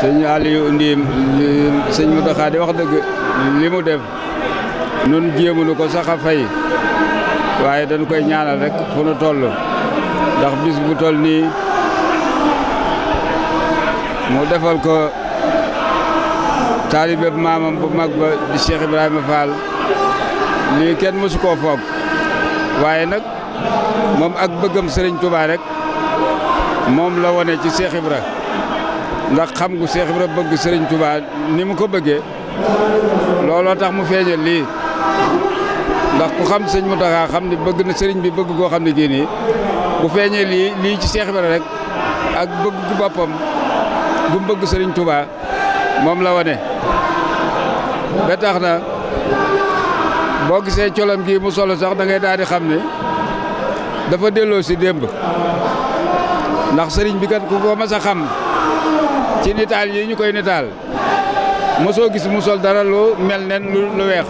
sëñ Aliou Ndim sëñ Mountakha di wax dëgg li mu def nun jéemunu ko sax a fay waaye dañ koy ñaanal rek fu nu toll ndax bis bu toll nii mu defal ko taalibe maamam bu mag ba di Cheikh Ibrahima Fall lii kenn mësu koo foog waaye nag moom ak bëggam Sëriñ Tuubaa rek moom la wone ci Cheikh Ibrahima ndax xam gu Seex Ibra bëgg Sëriñ Tuubaa ni mu ko bëggee looloo tax mu feeñal lii ndax ku xam sëñ mu Mountakha xam ne bëgg na sëriñ bi bëgg goo xam ne kii nii bu feeñee lii lii ci Seex Ibra rek ak bëgg gu boppam bu bëgg Sëriñ Tuubaa moom la wane ba tax na boo gisee colam gi mu solo sax da ngay daal di xam ne dafa delloo si démb ndax sëriñ bi kat ku ko mas xam ci nitaal yi ñu koy nitaal mosoo gis musol dara lu mel nen lu weex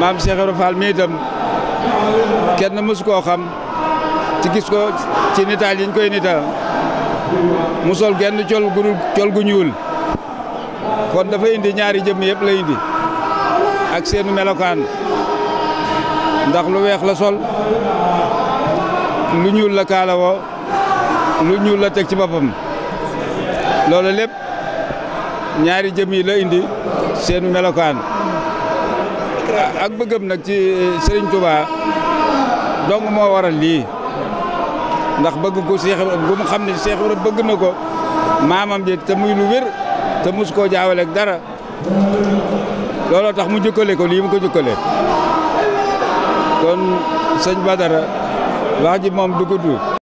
maam Cheikh Ibra Fall mi itam kenn mësu koo xam ci gis ko ci nitaal yi ñu koy nita mu genn col gu ñuul kon dafa indi ñaari jëmm yëpp la indi ak seenu melokaan ndax lu weex la sol lu ñuul la kaalawoo lu ñuul la teg ci boppam loolu lépp ñaari jëm yi la indi seenu melokaan ak bëggam nag ci Serigne Touba dong moo waral lii ndax bëgg ko Seex bu mu bëgg na ko maamam ji te muy lu wér te mus koo jaawale dara looloo tax mu jëkkale ko lii mu ko jëkkale kon sëñ dara wax ji moom du